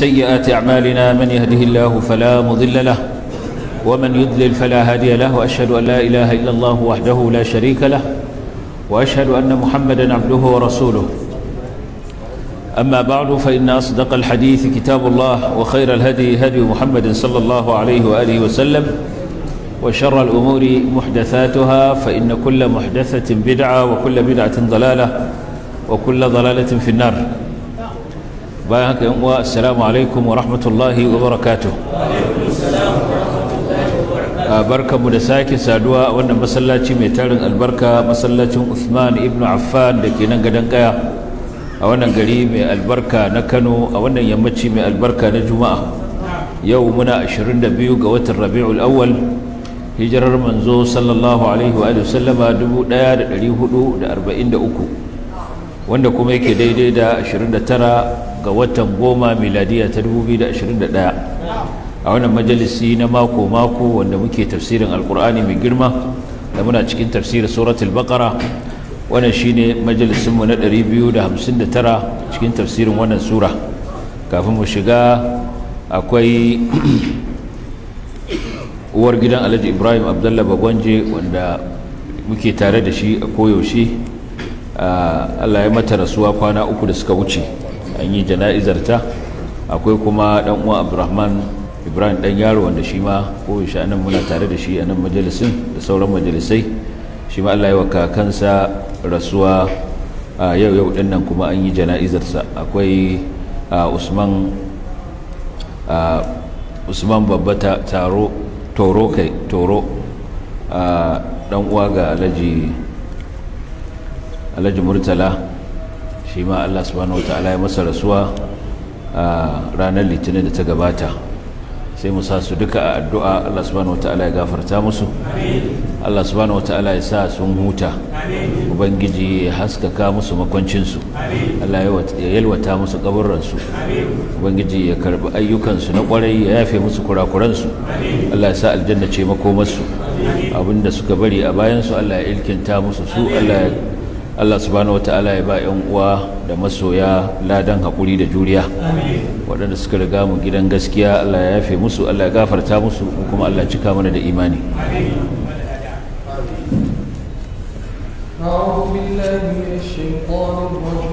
سيئات أعمالنا من يهده الله فلا مضل له ومن يضلل فلا هادي له وأشهد أن لا إله إلا الله وحده لا شريك له وأشهد أن محمدا عبده ورسوله أما بعد فإن أصدق الحديث كتاب الله وخير الهدي هدي محمد صلى الله عليه وآله وسلم وشر الأمور محدثاتها فإن كل محدثة بدعة وكل بدعة ضلالة وكل ضلالة في النار bayan haka yan uwa assalamu alaikum wa rahmatullahi wa barakatuh barkamu da sake saduwa a wannan masallaci mai tarin albarka masallacin Usman ibn Affan da ke nan gadon kaya a wannan gari mai albarka na Kano a wannan yammaci mai albarka na Juma'a yau muna 22 ga watan Rabiul Awwal hijirar manzo sallallahu alaihi wa sallama 1443 wanda kuma yake daidai da 29 ga watan goma miladiya ta 2021 a wannan majalisi na mako-mako wanda muke tafsirin alkur'ani mai girma da muna cikin tafsirin suratul bakara wannan shine majalisinmu na 259 cikin tafsirin wannan sura kafin mu shiga akwai uwar gidan alhaji ibrahim abdullah bagwanje wanda muke tare da shi a koyaushe ah, allah ya mata rasuwa kwana uku da suka wuce an yi jana'izar ta akwai kuma dan uwa abdurrahman ibrahim dan yaro wanda shi ma ko shi muna tare da shi a nan majalisin da sauran majalisai shi ma Allah ya wa kakansa rasuwa a yau yau din nan kuma an yi jana'izarsa akwai usman usman babba taro toro kai toro dan uwa ga alhaji murtala shi ma allah subhanahu wa ta'ala ya masa rasuwa a ranar litinin da ta gabata sai musa su duka a addu'a allah subhanahu wa ta'ala ya gafarta musu allah subhanahu wa ta'ala ya sa sun huta ubangiji ya haskaka musu makwancinsu allah ya yalwata musu kaburransu ubangiji ya karɓi ayyukansu na kwarai ya yafe musu kurakuransu allah ya sa aljanna ce makomarsu abinda suka bari a bayansu allah ya ilkinta musu su allah ya Allah subhanahu wata'ala ya ba 'yan uwa da masoya ladan haƙuri da juriya waɗanda suka riga mu gidan gaskiya Allah ya yafe musu Allah ya gafarta musu kuma Allah cika mana da imani أعوذ بالله من الشيطان الرجيم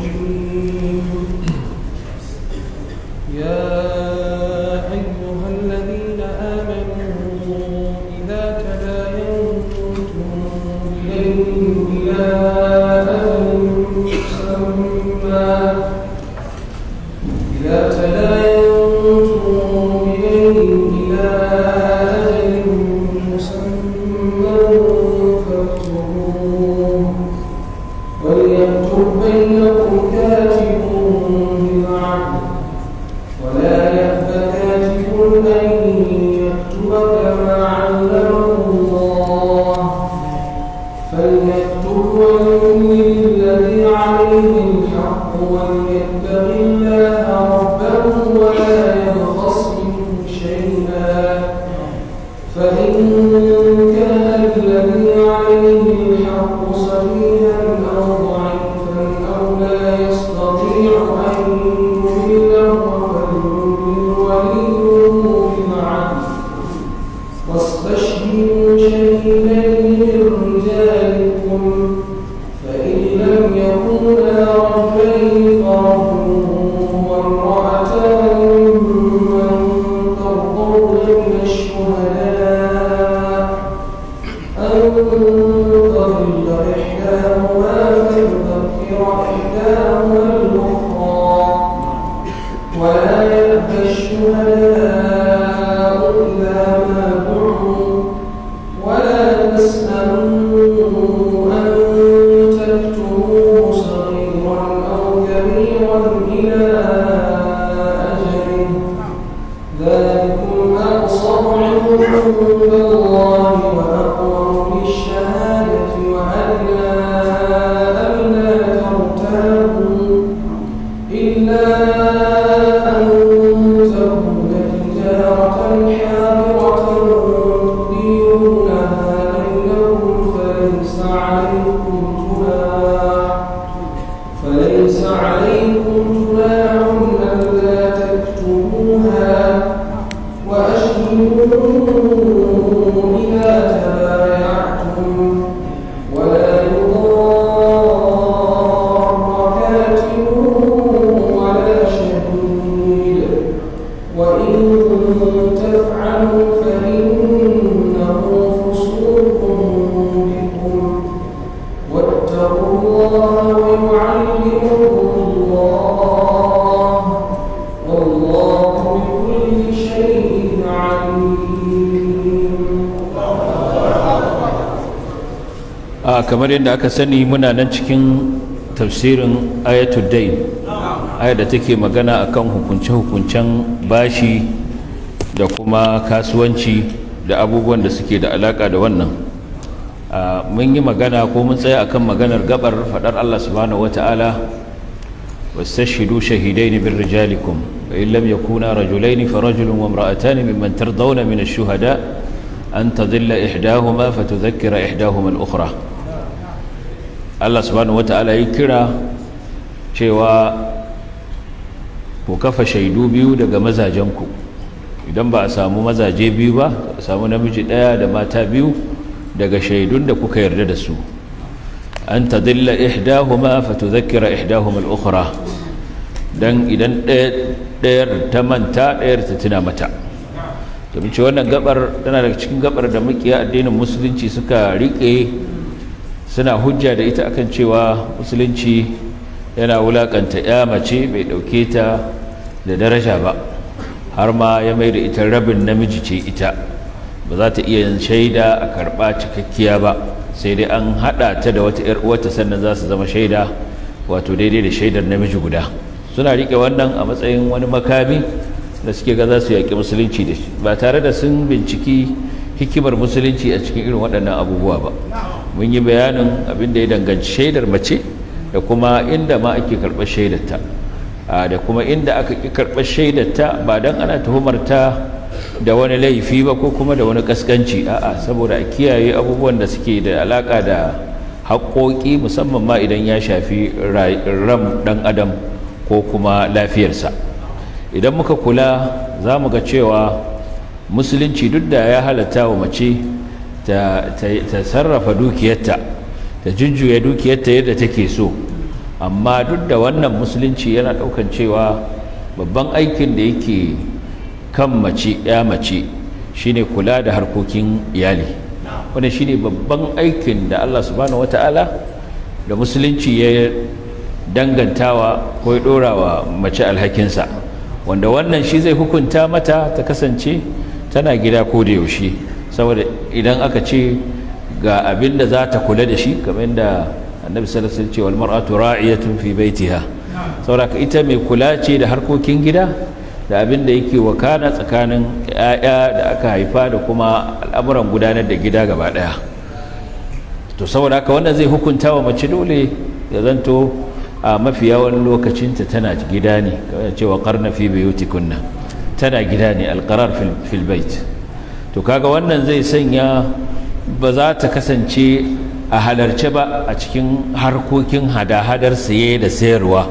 kamar yadda aka sani muna nan cikin tafsirin ayatul dain aya da take magana akan hukunce-hukuncen bashi da kuma kasuwanci da abubuwan da suke da alaka da wannan mun yi magana ko mun tsaya akan maganar gabar fadar Allah subhanahu wata'ala واستشهدوا شهيدين من رجالكم فإن لم يكونا رجلين فرجل وامرأتان ممن ترضون من الشهداء ihdahuma fa إحداهما ihda إحداهما الأخرى Allah subhanahu wata'ala ya kira cewa ku kafa shaidu biyu daga mazajenku idan ba a samu mazaje biyu ba a samu namiji ɗaya da mata biyu daga shaidun da kuka yarda da su an ta dilla ihdahuma fa tudhakkira ihdahuma al-ukhra dan idan ɗayar ta manta ɗayar ta tuna mata domin ce wannan gabar tana daga cikin gabar da mukiya addinin musulunci suka rike suna hujja da ita akan cewa musulunci yana wulakanta ya mace bai dauke ta da daraja ba har ma ya mai da ita rabin namiji ce ita ba za ta iya shaida a karɓa cikakkiya ba sai dai an haɗa ta da wata ‘yar uwarta sannan za su zama shaida wato daidai da shaidar namiji guda suna rike wannan a matsayin wani makami da suke ga za su yaƙi musulunci da shi ba tare da sun binciki hikimar musulunci a cikin irin waɗannan abubuwa ba mun yi bayanin abin da ya danganci shaidar mace da kuma inda ma ake karɓar shaidarta da kuma inda aka ƙi karɓar shaidarta ba don ana tuhumarta da wani laifi ba ko kuma da wani ƙasƙanci a'a saboda a kiyaye abubuwan da suke da alaƙa da haƙoƙi musamman ma idan ya shafi ram ɗan adam ko kuma lafiyarsa idan muka kula za mu ga cewa musulunci duk da ya halatta wa mace ta sarrafa dukiyarta ta jujjuya dukiyarta yadda take so amma duk da wannan musulunci yana ɗaukan cewa babban aikin da yake kan mace ya mace shine kula da harkokin iyali wannan shine babban aikin da Allah subhanahu wata'ala da musulunci ya dangantawa ko ya dora wa mace alhakinsa wanda wannan shi zai hukunta mata ta kasance tana gida ko da yaushe saboda idan aka ce ga abin da za ta kula da shi kamar yadda annabi sallallahu alaihi wasallam ce wal mar'atu ra'iyatun fi baitiha saboda ita mai kula ce da harkokin gida da abin da yake wakana tsakanin ‘ya'ya da aka haifa da kuma al'amuran gudanar da gida gaba daya to saboda haka wannan zai hukunta wa mace dole ya zanto a mafi yawan lokacinta tana gida ne kamar cewa karna fi bayuti kunna tana gida ne alkarar filbait to kaga wannan zai sanya ba za ta kasance a halarce ba a cikin harkokin hada-hadar saye da sayarwa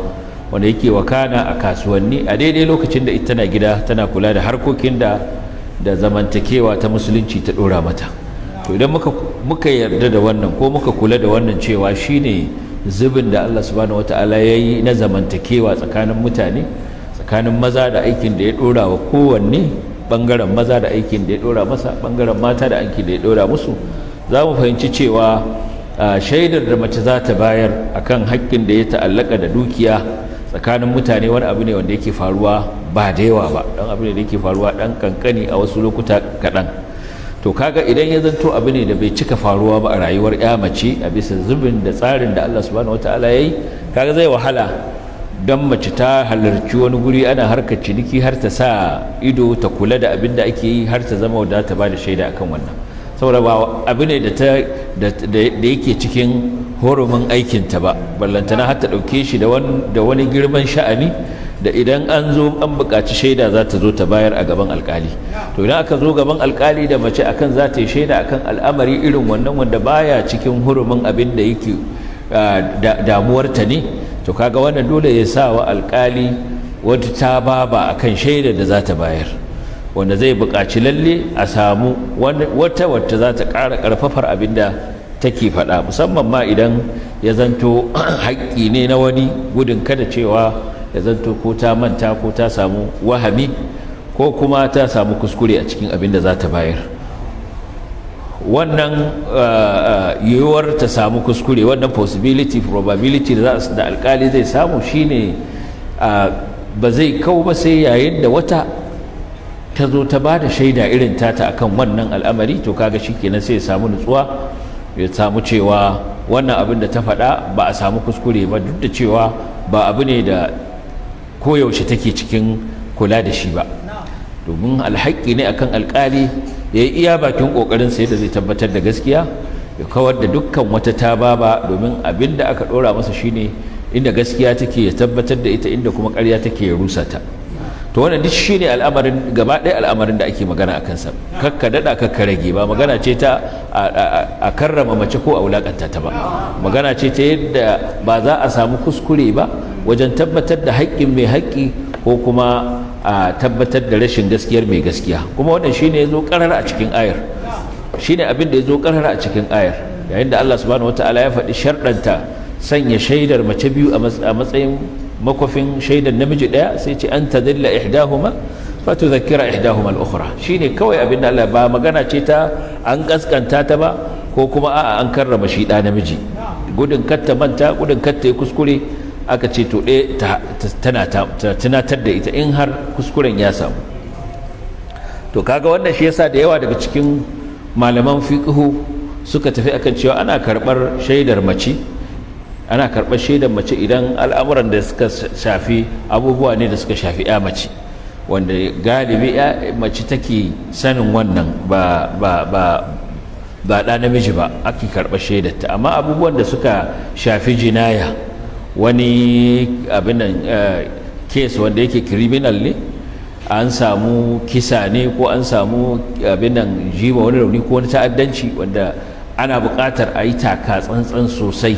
wanda yake wakana a kasuwanni a daidai lokacin da ita na gida tana kula da harkokin da da zamantakewa ta musulunci ta dora mata to idan muka muka yarda da wannan ko muka kula da wannan cewa shine zubin da Allah subhanahu wataala yi na zamantakewa tsakanin mutane tsakanin maza da aikin da ya dora wa kowanne bangaren maza da aikin da ya dora masa bangaren mata da aikin da ya dora musu za mu fahimci cewa shaidar da mace za ta bayar a kan haƙƙin da ya ta'allaka da dukiya tsakanin mutane wani abu ne wanda yake faruwa ba da yawa ba don abu ne da yake faruwa ɗan kankani a wasu lokuta kaɗan to kaga idan ya zanto abu ne da bai cika faruwa ba a rayuwar ya mace a bisa zubin da tsarin da Allah subhanahu wataala yi kaga zai wahala don mace ta halarci wani guri ana harkar ciniki har ta sa ido ta kula da abin da ake yi har ta zama wadda ta ba da shaida akan wannan saboda ba abu ne da yake cikin horumin aikinta ba ballantana har ta ɗauke shi da wani girman sha'ani da idan an zo an buƙaci shaida za ta zo ta bayar a gaban alƙali to idan aka zo gaban alƙali da mace akan za ta yi shaida akan al'amari irin wannan wanda baya cikin hurumin abin da yake ah, damuwarta ne to kaga wannan dole ya sa wa alkali wata ta baba a kan shaida da za ta bayar wanda zai buƙaci lalle a samu wata wata za ta ƙara ƙarfafar abin da take faɗa musamman ma idan ya zanto haƙƙi ne na wani gudun kada cewa ya zanto ko ta manta ko ta samu wahami ko kuma ta samu kuskure a cikin abin da za ta bayar wannan uh, uh, yiwuwar ta samu kuskure wannan possibility probability da da alkali zai samu shine uh, ba zai kau ba sai yayin da wata ta zo ta ba da shaida irin tata akan wannan al'amari to kaga shikenan sai ya samu nutsuwa ya samu cewa wannan abin da ta faɗa ba a samu kuskure ba duk da cewa ba abu ne da koyaushe take cikin kula da shi ba domin alhaƙi ne akan alƙali ya yi iya bakin ƙoƙarin sai yadda zai tabbatar da gaskiya ya kawar da dukkan wata tababa domin abin da aka ɗora masa shine inda gaskiya take ya tabbatar da ita inda kuma ƙarya take ya rusa ta to wannan duk shine al'amarin gaba ɗaya al'amarin da ake magana a kansa kakka daɗa kakka rage ba magana ce ta a karrama mace ko a wulaƙanta ta ba magana ce ta yadda ba za a samu kuskure ba wajen tabbatar da haƙƙin mai haƙƙi ko kuma a tabbatar da rashin gaskiyar mai gaskiya kuma wannan shine yazo karar a cikin ayar shine abin da yazo karar a cikin ayar yayin da Allah subhanahu wataala ya faɗi sharɗanta sanya shaidar mace biyu a matsayin makwafin shaidar namiji ɗaya sai ce an tadilla ihdahuma fatudhakkira ihdahuma al-ukhra shine kawai abin da Allah ba magana ce ta an kaskanta ta ba ko kuma a'a an karrama shi ɗa namiji gudun katta manta gudun katta ya kuskure aka ce to ɗaya eh, tana tunatar da ita in har kuskuren ya samu to kaga wannan shi yasa da yawa daga cikin malaman fiqhu suka tafi akan cewa ana karbar shaidar mace ana karɓar shaidar mace idan al'amuran da suka shafi abubuwa ne da suka shafi ya mace wanda galibi ya mace take sanin wannan ba ba ba ba da namiji ba ake karɓar shaidarta amma abubuwan da suka shafi jinaya wani abinan eh, case wanda yake criminal ne an samu kisa ne ko an samu abinan jiwa wani rauni ko wani ta'addanci wanda ana buƙatar a yi taka tsantsan sosai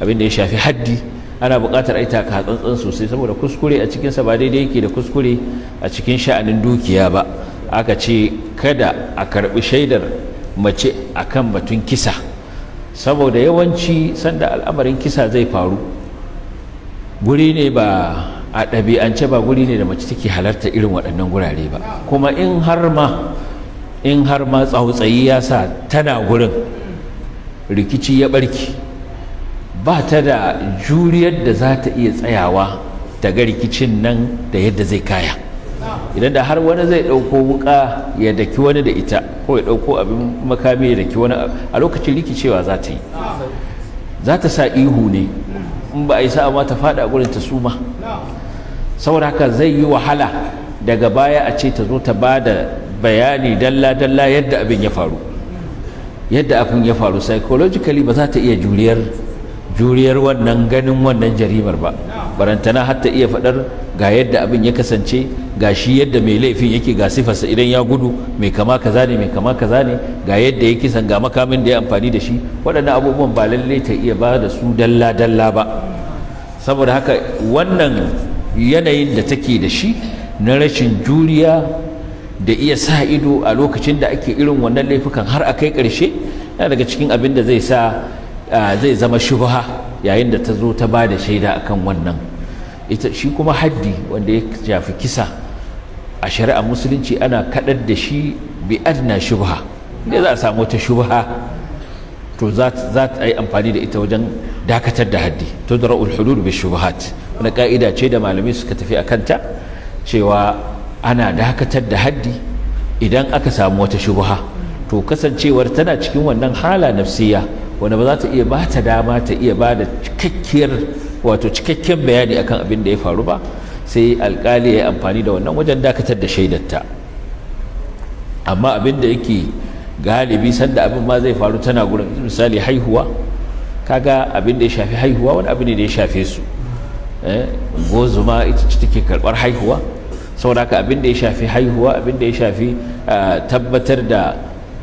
abin da ya shafi haddi ana buƙatar a yi taka tsantsan sosai saboda kuskure a cikinsa ba daidai yake da kuskure a cikin sha'anin dukiya ba aka ce kada a karɓi shaidar mace akan batun kisa saboda yawanci sanda al'amarin kisa zai faru guri ne ba a ɗabi'ance ba guri ne da mace take halarta irin waɗannan gurare ba kuma in har ma in har ma tsautsayi ya sa tana gurin rikici ya ɓarki ba ta da juriyar da za ta iya tsayawa ta ga rikicin nan da yadda zai kaya idan da har wani zai ɗauko wuka ya daki wani da ita ko ya ɗauko abin makami ya daki wani a lokacin rikicewa za ta yi za ta sa ihu ne in ba a yi sa'a ma ta faɗi a gurin ta suma saboda haka zai yi wahala daga baya a ce ta zo ta ba da bayani dalla-dalla yadda abin ya faru yadda abin ya faru psychologically ba za ta iya juriyar juriyar wannan ganin wannan jarimar ba barantana har ta iya faɗar ga yadda abin ya kasance ga shi yadda mai laifin yake ga sifarsa idan ya gudu mai kama kaza ne mai kama kaza ne ga yadda ya kisan ga makamin da ya amfani da shi waɗannan abubuwan ba lalle ta iya ba da su dalla dalla ba saboda haka wannan yanayin da take da shi na rashin juriya da iya sa ido a lokacin da ake irin wannan laifukan har a kai ƙarshe yana daga cikin abin da zai sa ah, zai zama shubha yayin da ta zo ta ba da shaida akan wannan ita shi kuma haddi wanda ya shafi kisa a shari'a musulunci ana kadar da shi bi adna shubha ne za a samu wata shubha to za ta yi amfani da ita wajen dakatar da haddi ra'ul hudud bi shubuhat wani ka'ida ce da malamai suka tafi a kanta cewa ana dakatar da haddi idan aka samu wata shubha to kasancewar tana cikin wannan hala nafsiya wanda ba za ta iya ba ta dama ta iya ba da cikakkiyar wato cikakken bayani akan abin da ya faru ba sai alkali ya amfani da wannan wajen dakatar da shaidarta amma abin da yake galibi sanda abin ma zai faru tana gurin misali haihuwa kaga abin da ya shafi haihuwa wani abin da ya shafe su eh, gozuma ita ce take karbar haihuwa saboda ka abin da ya shafi haihuwa abin da ya shafi tabbatar da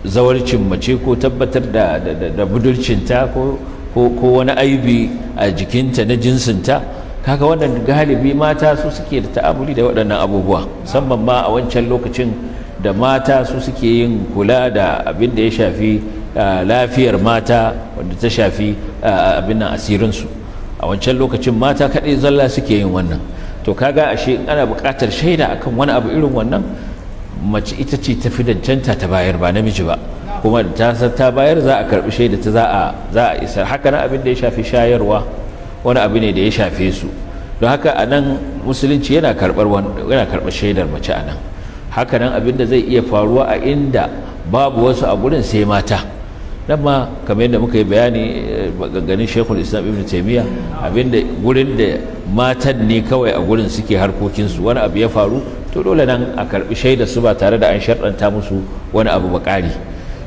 zawarcin mace ko tabbatar da budurcinta ko ko wani aibi a jikinta na jinsinta kaga wannan galibi mata su suke da ta'amuli da waɗannan abubuwa musamman ma a wancan lokacin da mata su suke yin kula da abin da ya shafi lafiyar mata wanda ta shafi abin nan asirinsu a wancan lokacin mata kaɗai zalla suke yin wannan to kaga ashe ana buƙatar shaida akan wani abu irin wannan mace ita ce ta fi dancanta ta bayar ba namiji ba kuma da ta ta bayar za a karbi shaida ta za a za a isa haka nan abin da ya shafi shayarwa wani abu ne da ya shafe su don haka a nan musulunci yana karbar yana karbar shaidar mace a nan haka nan abin da zai iya faruwa a inda babu wasu a gurin sai mata nan ma kamar yadda muka yi bayani eh, ganin shekul islam ibn taimiyya abinda gurin da matan ne kawai a gurin suke harkokinsu wani abu ya faru to dole nan a karbi shaidar su ba tare da an sharɗanta musu wani abu ba ƙari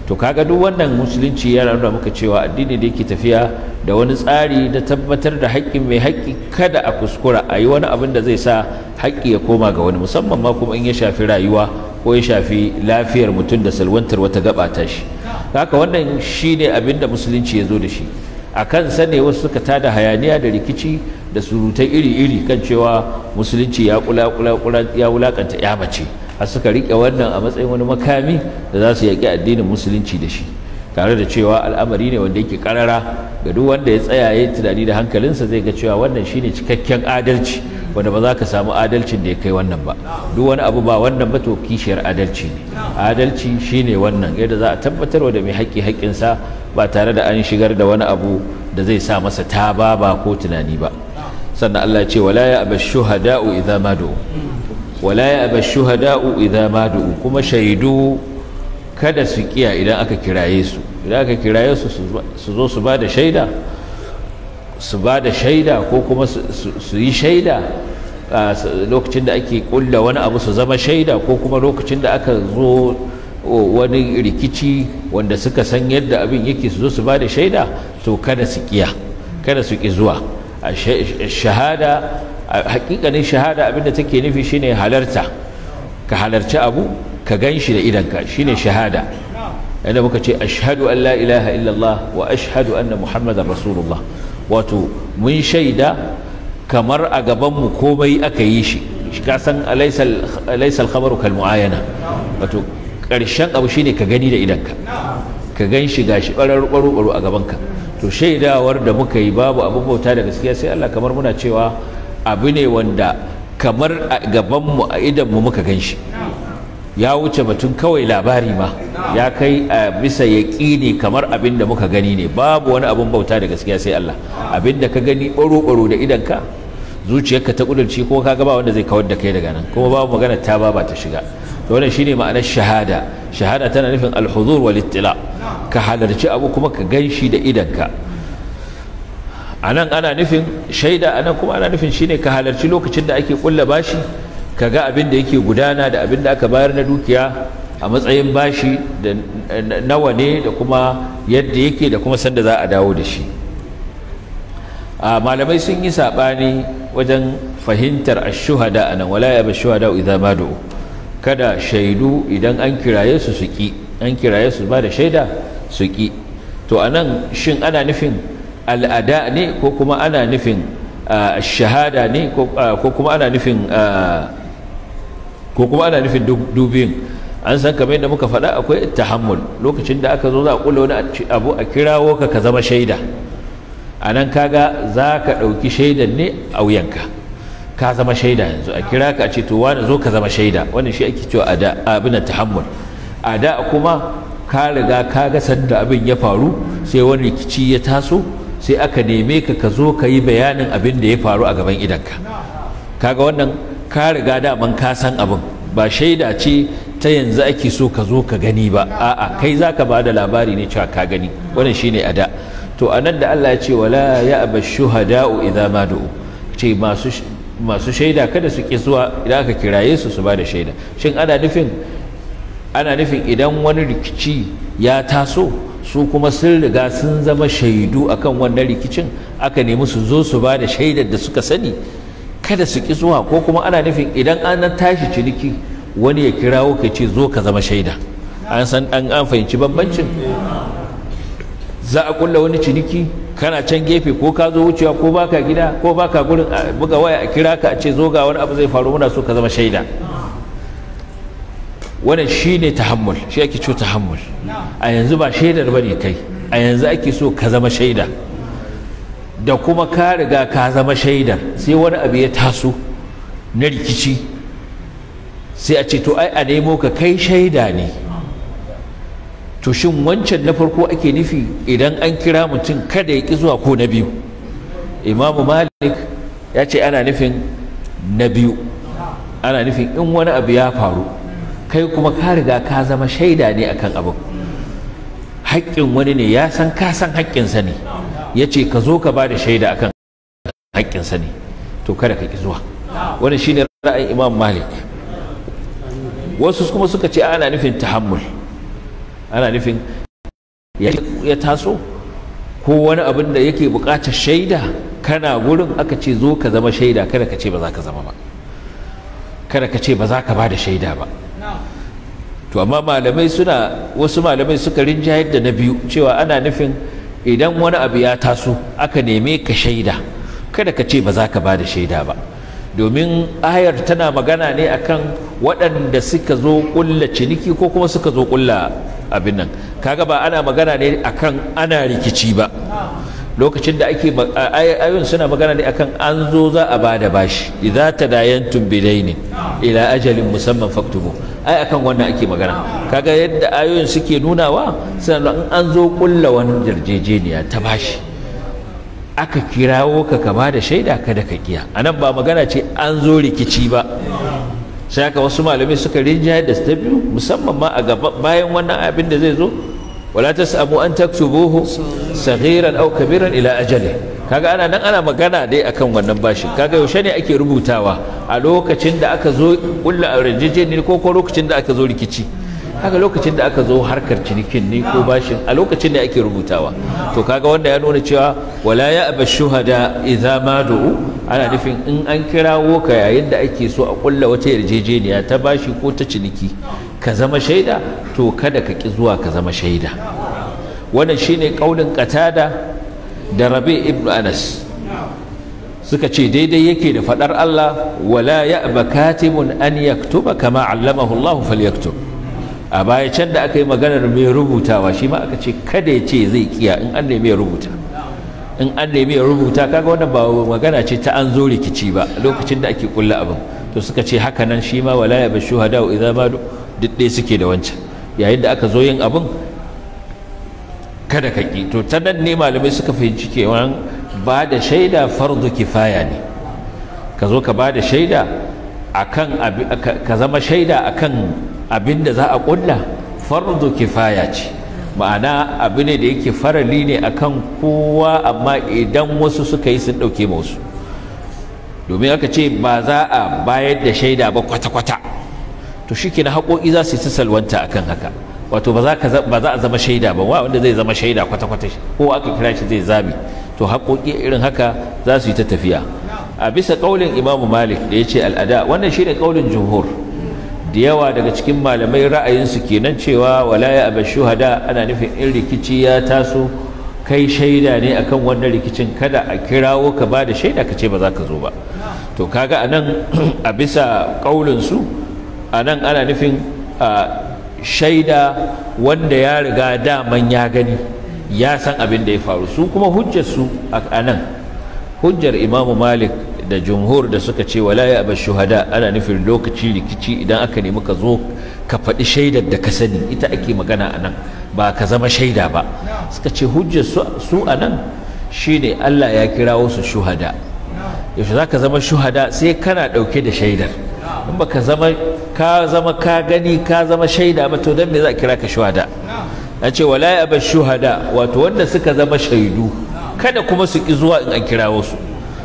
to kaga duk wannan musulunci ya nuna muka cewa addini da yake tafiya da wani tsari da tabbatar da haƙƙin mai haƙƙi kada a kuskura a yi wani abin da zai sa haƙƙi ya koma ga wani musamman ma kuma in ya shafi rayuwa ko ya shafi lafiyar mutum da salwantar wata gaba ta shi haka wannan shine abin da musulunci ya zo da shi a kan sane wasu suka tada hayaniya da rikici da surutai iri-iri kan cewa musulunci ya wulakanta ya mace a suka riƙe wannan a matsayin wani makami da za su yaƙi addinin musulunci da shi tare da cewa al'amari ne wanda yake karara ga duk wanda ya tsaya ya tunani da hankalinsa zai ga cewa wannan shine cikakken adalci wanda ba za ka samu adalcin da ya kai wannan ba duk wani abu ba wannan ba to kishiyar adalci ne adalci shine wannan yadda za a tabbatar da mai haƙƙi haƙƙinsa ba tare da an shigar da wani abu da zai sa masa ta ba ko tunani ba sannan Allah ce wala ya abashu hada'u idza madu wala ya aba shuhada'u idza ma du'u kuma shaidu kada su kiya idan aka kiraye su idan aka kiraye su su zo su bada shaida su shaida ko kuma su yi shaida lokacin da ake kulla wani abu su zama shaida ko kuma lokacin da aka zo wani rikici wanda suka san yadda abin yake su zo su bada shaida to kada su kiya kada su ki zuwa shahada hakikanin shahada abinda take nufi shine halarta ka halarci abu ka ganshi da idanka shine shahada yadda muka ce ashhadu an la ilaha illallah wa ashhadu anna muhammadar rasulullah wato mun shaida kamar a mu komai aka yi shi ka san alaisal khabaru kal muayana wato ƙarshen abu shine ka gani da idanka ka ganshi shi gashi ɓarar a gabanka to shaidawar da muka yi babu abin bauta da gaskiya sai Allah kamar muna cewa abu ne wanda kamar a gabanmu a idanmu muka gan shi ya wuce batun kawai labari ma ya kai a bisa yaƙini kamar abin da muka gani ne babu wani abin bauta da gaskiya sai Allah abin da ka gani baro-baro da idanka zuciyarka ta ƙudurci kuma ka ba wanda zai kawar da kai daga nan kuma babu magana ta ba ba ta shiga to wannan shine ma'anar shahada shahada tana nufin alhuzur wal ittila ka halarci abu kuma ka ganshi da idanka a nan ana nufin shaida a nan kuma ana nufin shine ka halarci lokacin da ake kulla bashi ka ga abin da yake gudana da abin da aka bayar na dukiya a matsayin bashi da nawa ne da kuma yadda yake da kuma sanda za a dawo da shi a malamai sun yi saɓani wajen fahimtar ashuhada a nan wala ya ba shuhada idan ma da'u kada shaidu idan an kiraye su su an kiraye su ba da shaida su ki to a nan shin ana nufin al'ada ne ko kuma ana nufin ah, shahada ne ah, ko kuma ana nufin ah, ko kuma ana nufin dubin an san kamar yadda muka faɗa akwai tahammul lokacin da aka zo za a ƙula wani abu a kirawo ka ka zama shaida a nan kaga za ka ɗauki shaidan ne a wuyanka ka zama shaida yanzu a kira ka a ce to wani zo ka zama shaida wani shi ake cewa ada abin da tahammul a da kuma ka riga ka ga sanda abin ya faru sai wani rikici ya taso sai aka neme ka ka zo ka yi bayanin abin da ya faru a gaban idanka kaga wannan ka riga daman ka san abin ba shaida ce ta yanzu ake so ka zo ka gani ba a'a kai za ka da labari ne cewa ka gani wannan shine ada to anan da Allah ya ce wala ya aba shuhada'u idza ma du'u ce masu shaida kada su ki zuwa idan aka kiraye su su bada shaida shin ana nufin ana nufin idan wani rikici ya taso su kuma sun riga sun zama shaidu akan wannan rikicin aka nemi su zo su ba da shaidar da suka sani kada su ki zuwa ko kuma ana nufin idan an tashi ciniki wani ya kirawo ka ce zo ka zama shaida an san an an fahimci bambancin za a kulla wani ciniki kana can gefe ko ka zo wucewa ko baka gida ko baka gurin buga waya a kira ka a ce zo ga wani abu zai faru muna so ka zama shaida wannan shine tahammul shi ake cewa tahammul a yanzu ba shaidar ne kai a yanzu ake so ka zama shaida da kuma ka riga ka zama shaidar sai wani abu ya taso na rikici sai a ce to ai a nemo ka kai shaida ne to shin wancan na farko ake nufi idan an kira mutum kada ya ƙi zuwa ko na biyu imamu malik ya ce ana nufin na biyu ana nufin in wani abu ya faru kai kuma ka riga ka zama shaida ne akan abin haƙƙin wani ne ya san ka san haƙƙinsa ne ya ce ka zo ka ba da shaida akan haƙƙinsa ne to kada ka ki zuwa wani shine ra'ayin imam malik wasu kuma suka ce ana nufin tahammul ana nufin ya taso ko wani abin da yake buƙatar shaida kana gurin aka ce zo ka zama shaida kada ka ce ba za ka zama ba kada ka ce ba za ka ba da shaida ba to amma malamai suna wasu malamai suka rinjayar da na biyu cewa ana nufin idan wani abu ya taso aka neme ka shaida kada ka ce ba za ka ba da shaida ba domin ayar tana magana ne akan waɗanda suka zo ƙulla ciniki ko kuma suka zo ƙulla abin nan kaga ba ana magana ne akan ana rikici ba lokacin da ake ayoyin suna magana ne akan an zo za a ba da bashi idza tadayantum bidaini ila ajalin musamman faktubu ai akan wannan ake magana kaga yadda ayoyin suke nunawa suna in an zo kulla wani yarjejeniya ta bashi aka kirawo ka ka ba da shaida kada ka kiya anan ba magana ce an zo rikici ba sai aka wasu malamai suka rinjaya da su ta biyu musamman ma a gaba bayan wannan abin da zai zo wala abu an taktubuhu saghiran aw kabiran ila ajali kaga ana nan ana magana dai akan wannan bashin kaga yaushe ne ake rubutawa a lokacin da aka zo kullu a ko ko lokacin da aka zo rikici haka lokacin da aka zo harkar cinikin ne ko bashin a lokacin da ake rubutawa to kaga wanda ya nuna cewa wala ya aba shuhada idza ma ana nufin in an kirawo ka yayin da ake so a kulla wata yarjejeniya ta bashi ko ta ciniki ka zama shaida to kada ka ki zuwa ka zama shaida wannan shine kaulin qatada da rabi ibn anas suka ce daidai yake da fadar Allah wala ya aba katibun an yaktuba kama allamahu Allah falyaktub a baya can da aka yi maganar mai rubutawa shi ma aka ce kada ya ce zai kiya in an nemi ya rubuta in an nemi ya rubuta kaga wannan ba magana ce ta an zo rikici ba lokacin da ake kulla abin to suka ce haka nan shi ma wala ya bashu hada wa idza ma duk suke da wancan yayin da aka zo yin abin kada ka ki to ta nan ne malamai suka fahimci ke ba da shaida fardu kifaya ne ka zo ka ba da shaida akan ka zama shaida akan Abin da za a kulla fardu kifaya ce ma'ana abu ne da yake farali ne akan kowa amma idan wasu suka yi sun dauke wasu domin aka ce ba za a bayar da shaida ba kwata-kwata to shi na haƙoƙi za su yi salwanta akan haka wato ba za a zama shaida ba wanda zai zama shaida kwata-kwata ko aka kira shi zai zabi to haƙoƙi irin haka za su yi ta tafiya a bisa ƙaulin imamu malik da ya ce al'ada wannan shi ne ƙaulin jumhur da yawa daga cikin malamai ra'ayinsu kenan cewa wala ya abin shuhada ana nufin in rikici ya taso kai shaida ne akan wannan rikicin kada a kirawo ka ba da shaida ka ce ba za ka zo ba to kaga a nan a bisa ƙaunansu a nan ana nufin shaida wanda ya riga daman ya gani ya san abin da ya faru su kuma hujjarsu a nan hujjar imamu malik da jumhur da suka ce wala ya shuhada ana nufin lokaci rikici idan aka nemi ka zo ka faɗi shaidar da ka sani ita ake magana a nan ba ka zama shaida ba suka ce hujjar su a nan ne Allah ya kira wasu shuhada yaushe za ka zama shuhada sai kana ɗauke da shaidar in ba ka zama ka zama ka gani ka zama shaida ba to don me za a kira ka shuhada na ce wala ya shuhada wato wanda suka zama shaidu kada kuma su ƙi zuwa in an kira wasu.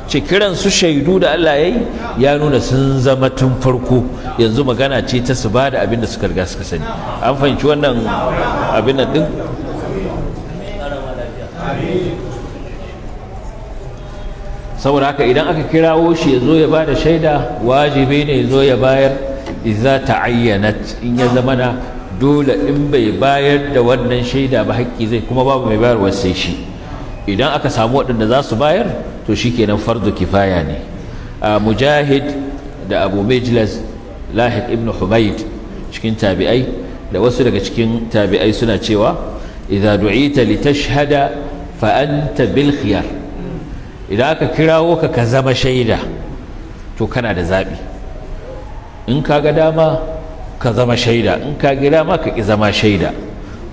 ce kiran su shaidu da Allah ya ya nuna sun zama tun farko yanzu magana ce ta su ba abin da suka riga suka sani an fahimci wannan abin nan din saboda haka idan aka kirawo shi ya ya ba da shaida wajibi ne ya zo ya bayar iza ta'ayyanat in ya zama na dole in bai bayar da wannan shaida ba haƙƙi zai kuma babu mai bayarwa sai shi idan aka samu waɗanda za su bayar to shikenan fardu kifaya ne mujahid da abu majlis lahik ibn humaid cikin tabi'ai da wasu daga cikin tabi'ai suna cewa idza du'ita fa anta bil khiyar idan aka kirawo ka ka zama shaida to kana da zabi in ka ga dama ka zama shaida in ka ga dama ka ki zama shaida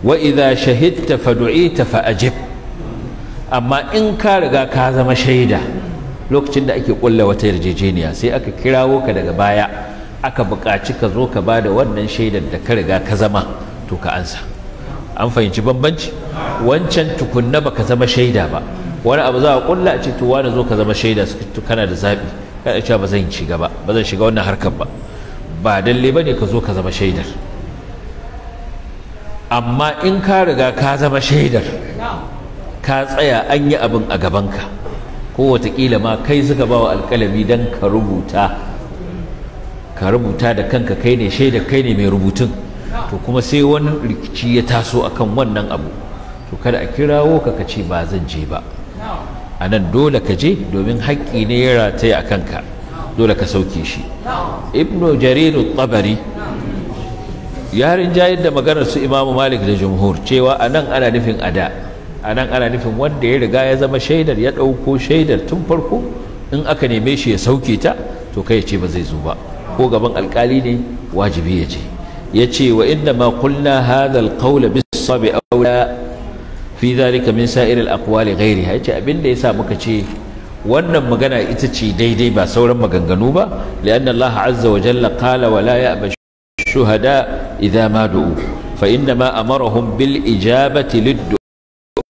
wa idza shahidta fa du'ita fa ajib amma in ka riga ka zama shaida lokacin da ake kulla wata yarjejeniya sai aka kirawo ka daga baya aka buƙaci ka zo ka bada wannan shaidar da ka riga ka zama to ka ansa an fahimci bambanci wancan tukunna ka zama shaida ba wani abu za a kulla a ce to wani zo ka zama shaida kana da zaɓi kana cewa ba zan shiga ba ba zan shiga wannan harkar ba ba dalle ba ne ka zo ka zama shaidar amma in ka riga ka zama shaidar ka tsaya an yi abin a gabanka ko watakila ma kai suka bawa alkalami don ka rubuta ka rubuta da kanka kai ne shaida kai ne mai rubutun to kuma sai wani rikici ya taso akan wannan abu to kada a kirawo ka ka ce ba zan je ba a nan dole ka je domin haƙƙi ne ya rataya a kanka dole ka sauke shi ibn jariru tabari yarin jayar da maganar su imamu malik da jumhur cewa a nan ana nufin ada a nan ana nufin wanda ya riga ya zama shaidar ya ɗauko shaidar tun farko in aka neme shi ya sauke ta to kai ya ce ba zai zo ba ko gaban alkali ne wajibi ya ce ya ce wa inda ma kulna hadal qawla bisa bi aula fi zalika min sa'iril aqwali ya ce abinda yasa muka ce wannan magana ita ce daidai ba sauran maganganu ba li'anna Allah azza wa jalla qala wa la ya'ba shuhada idza ma du'u fa inna ma amarahum bil ijabati lid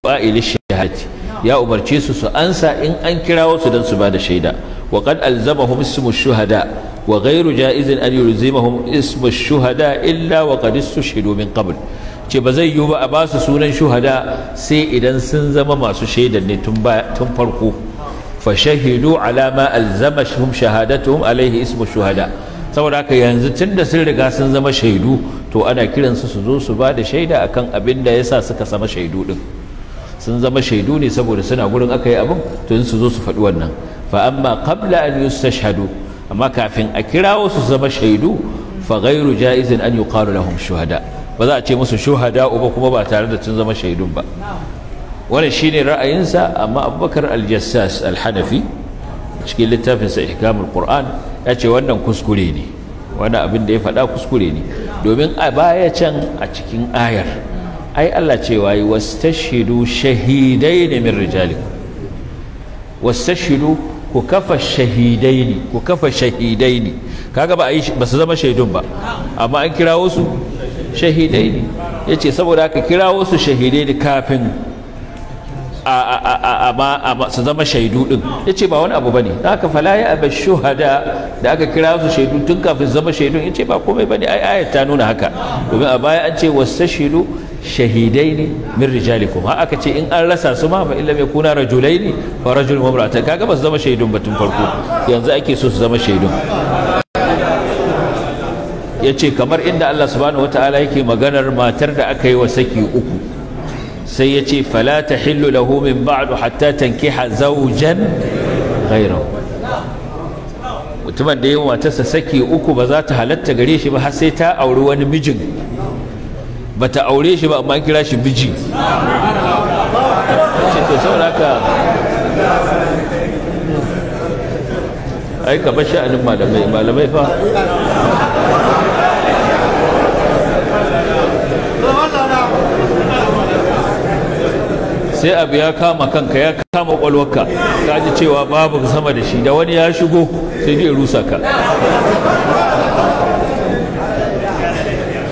qa'ili shahadati ya umarce su su ansa in an kirawo su dan su bada shaida wa qad alzamahum ismu shuhada wa ghayru jaizin an yulzimahum ismu illa wa qad ce ba zai yiwu ba a basu sunan shuhada sai idan sun zama masu shaidar ne tun tun farko fa shahidu ala ma alzamahum shahadatuhum alaihi ismu shuhada saboda haka yanzu tun da sun riga sun zama shaidu to ana kiransu su zo su ba da shaida akan abin da yasa suka sama shaidu din sun zama shaidu ne saboda suna gurin aka yi abin to su zo su faɗi wannan fa amma qabla an yustashhadu amma kafin a kirawo su zama shaidu fa ghairu jaizin an yuqalu lahum shuhada ba za a ce musu shuhada uba kuma ba tare da sun zama shaidun ba Wani shine ra'ayinsa amma Abubakar al-Jassas al-Hanafi cikin sa Ihkamul Qur'an ya ce wannan kuskure ne wannan abin da ya faɗa kuskure ne domin a baya can a cikin ayar ai Allah cewa yi wastashhidu shahidaini min rijalikum wastashhidu ku kafa shahidaini ku kafa shahidaini kaga ba ba su zama shaidun ba amma an kirawo su shahidaini yace saboda haka kirawo su shahidaini kafin su zama shaidu din yace ba wani abu bane haka fala ya abu shuhada da aka kira su shaidu tun kafin su zama shaidu yace ba komai bane ai ayat ta nuna haka domin a baya an ce wastashhidu shahidai ne min rijalikum ha aka ce in an rasa su ma fa illam yakuna rajulaini fa rajulun wa imra'atan kaga ba su zama shaidun batun farko yanzu ake so su zama shaidun yace kamar inda Allah subhanahu wataala yake maganar matar da aka yi wa saki uku sai yace fala tahillu lahu min ba'du hatta tankiha zawjan ghayrahu mutumin da yi matarsa saki uku ba za ta halatta gare shi ba har sai ta auri wani mijin bata aure shi ba amma an kira shi biji ai ka malamai malamai fa sai abu ya kama kanka ya kama kwalwarka ka ji cewa babu sama da shi da wani ya shigo sai ya rusa ka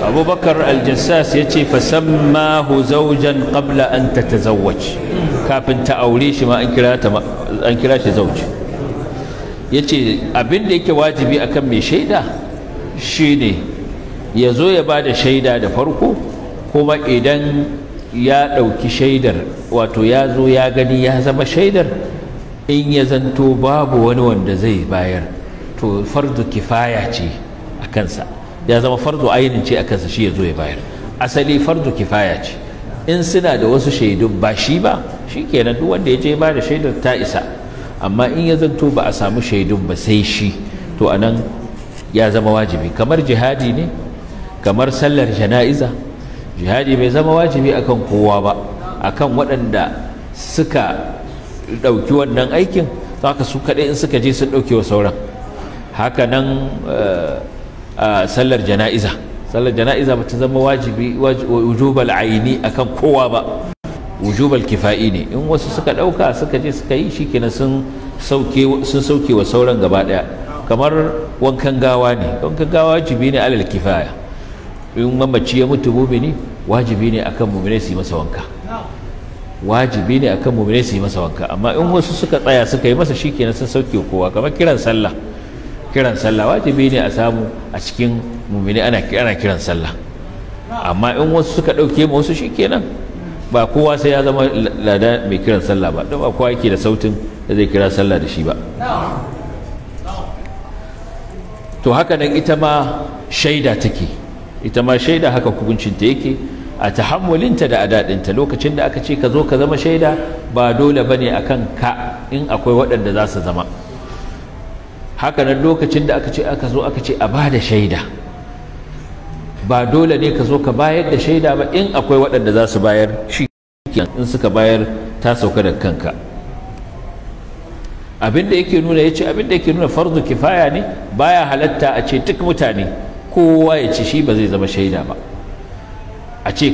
abubakar aljassas ya ce fasammahu zaujan qabla an tatazawwaj kafin ta aure shi ma an kira shi zauji ya ce abin da yake wajibi akan mai shaida shine ya zo ya ba da shaida da farko kuma idan ya ɗauki shaidar wato ya zo ya gani ya zama shaidar in ya zanto babu wani wanda zai bayar to fardu kifaya ce a kansa ya zama fardu ainin ce a kansa shi ya zo ya bayar asali fardu kifaya ce in suna da wasu shaidun ba shi ba shi kenan duk wanda ya je ba da shaidar ta isa amma in ya zanto ba a samu shaidun ba sai shi to anan ya zama wajibi kamar jihadi ne kamar sallar jana'iza jihadi bai zama wajibi akan kowa ba akan waɗanda suka ɗauki wannan aikin haka su kaɗai in suka je sun ɗauke wa sauran haka nan eh, sallar jana'iza sallar jana'iza ba ta zama wajibi wujubal aini akan kowa ba wujubal kifa'i ne in wasu suka ɗauka suka je suka yi shikenan sun sauke sun sauke wa sauran gaba ɗaya kamar wankan gawa ne wankan gawa wajibi ne alal kifaya in mamaci ya mutu mumini wajibi ne akan mumine su yi masa wanka wajibi ne akan mumine su yi masa wanka amma in wasu suka tsaya suka yi masa shikenan sun sauke kowa kamar kiran sallah kiran sallah wajibi ne a samu a cikin mumini ana kiran sallah amma in wasu suka ɗauke mu wasu shikenan ba kowa sai ya zama lada mai kiran sallah ba don ba kowa yake da sautin da zai kira sallah da shi ba to haka nan ita ma shaida take ita ma shaida haka hukuncinta yake a tahammulinta da adadinta lokacin da aka ce ka zo ka zama shaida ba dole bane akan ka in akwai waɗanda za su zama haka nan lokacin da aka ce aka zo aka ce a ba da shaida ba dole ne ka zo ka bayar da shaida ba in akwai waɗanda za su bayar shi in suka bayar ta sauka da kanka abinda yake nuna ya ce abinda yake nuna farzu kifaya ne baya halatta a ce duk mutane kowa ya ce shi ba zai zama shaida ba a ce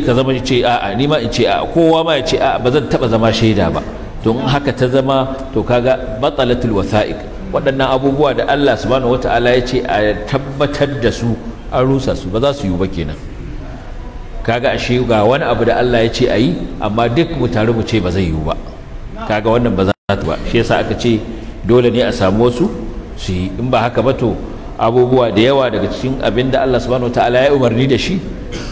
ka zama ce a'a ni ma in ce a'a kowa ma ya ce a'a ba zan taba zama shaida ba don haka ta zama to kaga batsalatul wasa'iq waɗannan abubuwa da Allah subhanahu wata'ala ya ce a tabbatar da su an rusa su ba za su yi ba kenan kaga ashe ga wani abu da Allah ya ce a yi amma duk mu tare mu ce ba zai yi ba kaga wannan ba za ta ba shi yasa aka ce dole ne a samu wasu su yi in ba haka ba to abubuwa da yawa daga cikin abinda da Allah subhanahu wata'ala ya umarni da shi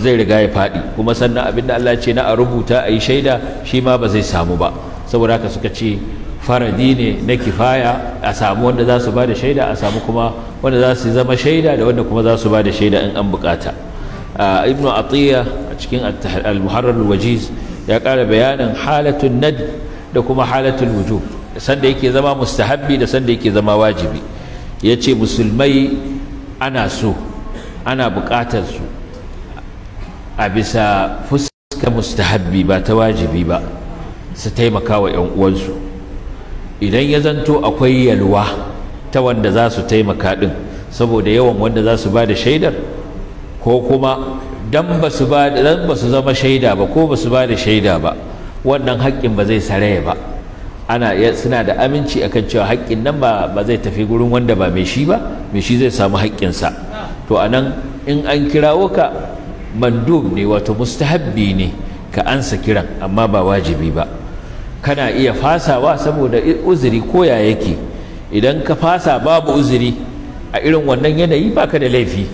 zai riga ya faɗi kuma sannan abin da Allah ya ce na a rubuta a yi shaida shi ma ba zai samu ba saboda haka suka ce faradi ne na kifaya a samu wanda za su ba da shaida a samu kuma wanda za su zama shaida da wanda kuma za su ba da shaida in an bukata ibnu atiya a cikin al-muharrar wajiz ya kara bayanin halatun nad da kuma halatun wujub da sanda yake zama mustahabbi da sanda yake zama wajibi ya ce musulmai ana so ana bukatar su a bisa fuska mustahabbi ba ta wajibi ba su taimaka wa 'yan uwansu idan ya zanto akwai yalwa ta wanda za su taimaka din saboda yawan wanda za su ba da shaidar ko kuma dan ba su zama shaida ba ko ba su ba da shaida ba wannan haƙƙin ba zai saraya ba ana suna da aminci akan cewa haƙƙin nan ba zai tafi gurin wanda ba mai shi ba mai shi zai samu haƙƙinsa to a nan in an kirawo ka mandub ne wato mustahabbi ne ka ansa kiran amma ba wajibi ba kana iya fasawa saboda uzuri koya yake idan ka fasa babu uzuri a irin wannan yanayi baka da laifi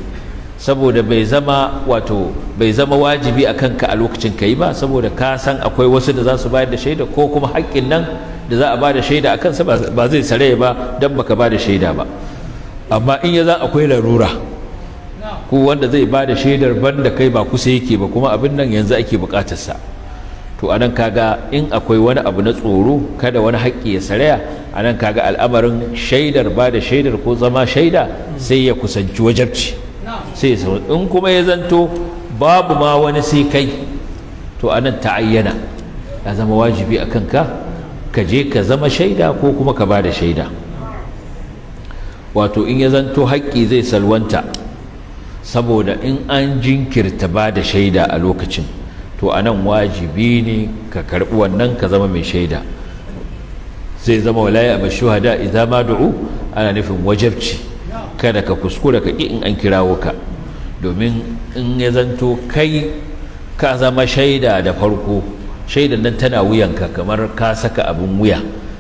saboda bai zama wato bai zama wajibi a kanka a lokacin ka yi ba saboda ka san akwai wasu da za su bayar da shaida ko kuma haƙƙin nan da za a ba da shaida a kansa ba zai tsare ba don baka ba da shaida ba amma in ya za akwai larura ko wanda zai ba da shaidar banda kai ba kusa yake ba kuma abin nan yanzu ake buƙatarsa to anan kaga in akwai wani abu na tsoro kada wani haƙƙi ya saraya anan kaga al'amarin shaidar ba da shaidar ko zama shaida sai ya kusanci wajabci sai in kuma ya zanto babu ma wani sai kai to anan ta ayyana ya zama wajibi a kanka ka je ka zama shaida ko kuma ka ba da shaida wato in ya zanto haƙƙi zai salwanta saboda in an jinkirta ba da shaida a lokacin to a nan wajibi ne ka karɓi wannan ka zama mai shaida zai zama walaya a shuhada idan ma du'u ana nufin wajabci kada ka kuskura ka in an kirawo ka domin in ya zanto kai ka zama shaida da farko shaidan nan tana wuyanka kamar ka saka abin wuya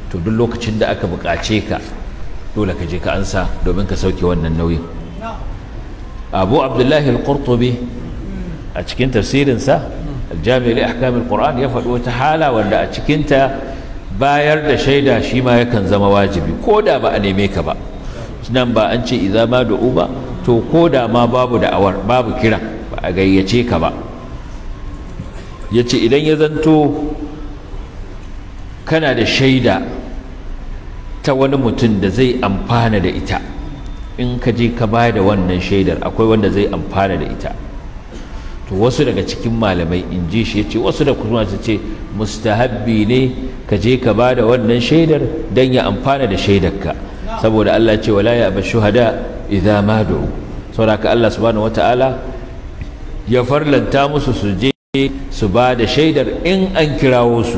to duk lokacin da aka buƙace ka dole ka je ka ansa domin ka sauke wannan nauyin abu abdullahi al-qurtubi a cikin tafsirinsa aljami li ahkamil qur'an ya faɗo wata hala wanda a cikinta bayar da shaida shi ma yakan zama wajibi ko da ba a neme ka ba nan ba an ce idza ma du'u ba to ko da ma babu da'awar babu kira ba a gayyace ka ba yace idan ya zanto kana da shaida ta wani mutum da zai amfana da ita in ka je ka bayar da wannan shaidar akwai wanda zai amfana da ita to wasu daga cikin malamai in ji shi ya ce wasu da kuma su ce mustahabbi ne ka je ka ba da wannan shaidar don ya amfana da shaidarka saboda Allah ce wala ya ba shuhada idza ma du'u saboda Allah subhanahu wataala ya farlanta musu su je su ba da shaidar in an kirawo su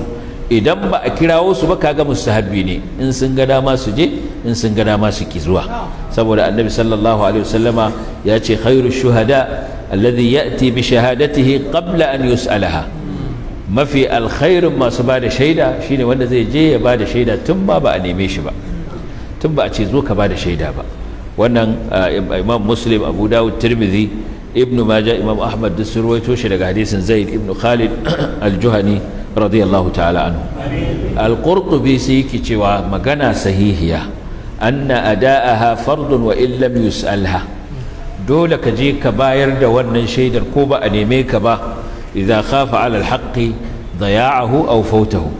idan ba a kirawo su ba kaga mustahabbi ne in sun ga dama su je in sun ga dama su ki zuwa saboda annabi sallallahu alaihi wasallama ya ce khairu shuhada alladhi ya'ti bi shahadatihi kabla an yus'alaha mafi alkhairin masu bada shaida shine wanda zai je ya bada shaida tun ba ba a neme shi ba tun ba a ce zo ka bada shaida ba wannan imam muslim abu dawud tirmidhi ibn majah imam ahmad duk sun shi daga hadisin zaid ibn khalid aljuhani juhani radiyallahu ta'ala anhu al-qurtubi sai yake cewa magana sahihiya anna aha fardun wa illam yus'alha dole ka je ka bayar da wannan shaidar ko ba a neme ka ba idza khafa ala alhaqi dhaya'ahu aw fawtahu